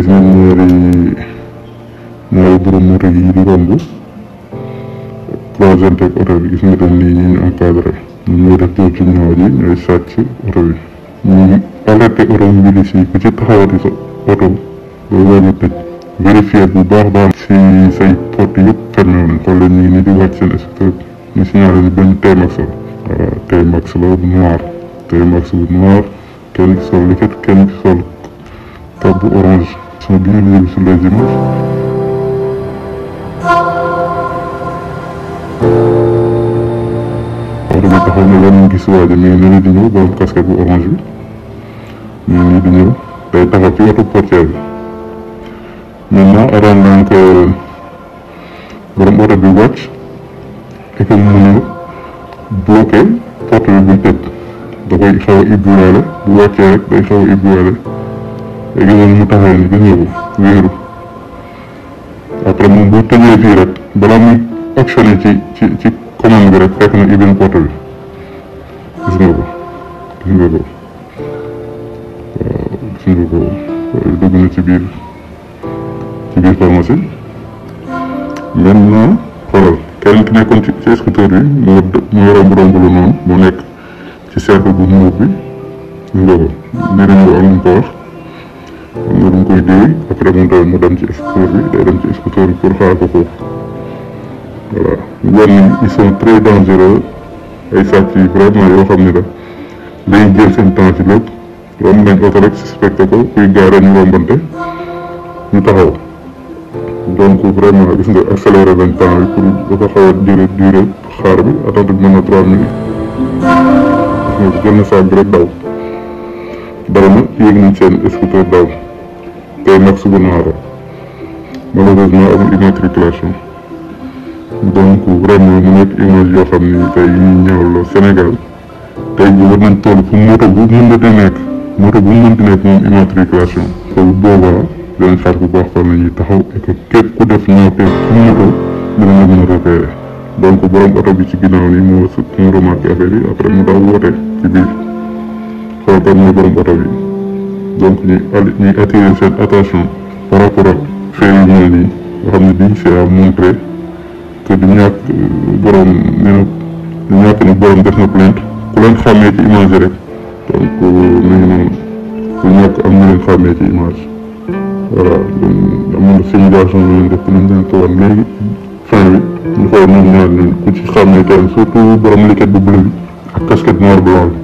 ಇದೊಂದು ರೀ ನಾವಿಬ್ಬರು ಮೂರಿಗೆ ಇದು ಬಂದು ಪ್ರಾಜೆಂಟ್ ಹೊರವಿ ಇದರಲ್ಲಿ ಏನು ಹಾಕಾದ್ರೆ ನೂರಕ್ಕೆ ಚಿನ್ನವಾಗಿ ನಡೆಸಾಚಿ ಹೊರವಿ ಪಲಟೆ ಹೊರವು ಬಿಡಿಸಿ ಕುಚಿತ ಹಾವರಿಸು ಹೊರವು ಹೋಗುತ್ತೆ verifiable baax si say pot yëpp tànn nañ ko la ñu ngi di wàcc na surtout ñu signalé benn T-Max la waaw T-Max la bu noir T-Max bu noir Kenn ki sol leket, kenn tabu orange. Sonra birbirimizi sileceğimiz. Araba taxaw na lan gis waaje mais ni di ñëw borom casquette bu orange bi mais ni di ñëw day taxaw ci wetu portière bi maintenant araan naan ko borom oto bi wàcc da koy xaw a ibbiwaale bu wàccee rek day xaw a ibbiwaale léegi noonu mu taxawee ni gis nga ko wéeru après moom bu tëjee fii rek balaa muy actionné ci ci ci commande bi rek fekk na ibbi na porte bi gis nga ko na ci biir ci biir pharmacie maintenant xoolal kenn ki nekkoon ci ci scooter mu nga mu nga romb lu noonu mu nekk seetagum muub bi nga dinañ ko am ko wax nga dum koy déy après mu doon mu dem ci scooter bi day dem ci scooter bi pour xaar ko foofu voilà ñenn ils sont très dangereux ay sàcc yi vraiment yoo xam ne la day jël seen temps ci lépp romb nañ oto rek suspecté ko kuy gaare ñu rombante ñu taxaw donc vraiment gis nga accéléré nañ temps bi pour dafa xaw a jëlee durée xaar bi attente bi na trois minutes ñoo ko génn saabu rek daw daw na yéeg nañ seen scooter daw tey nag suba noora malheureusement amul immatriculation donc ren mu nekk image yoo xam ni tey ñu ñëwal Sénégal tey ji nañ toll fu moto bu mën di nekk moto bu mën di nekk moom immatriculation boobu boobaa danañ xaar bu baax fan la taxaw et que ku def ñoo teg fu moto dinañ la mën a repérer donc borom oto bi ci ginnaaw yi moo moo remarqué affaire yi après mu daw woote ci biir xool borom oto donc ñuy ñuy attirer attention par rapport ak fait yu mel nii xam ne dañ see à montrer que du ñàkk euh, borom def na plainte ku leen xàmmee ci image rek donc euh, nañu noonu am ñu leen xàmmee ci image voilà donc amoon na signalisation yu leen def nañ leen ko wan léegi. ko ñoom xam ne kenn borom liquette bu bleu bi ak casquette noir blanc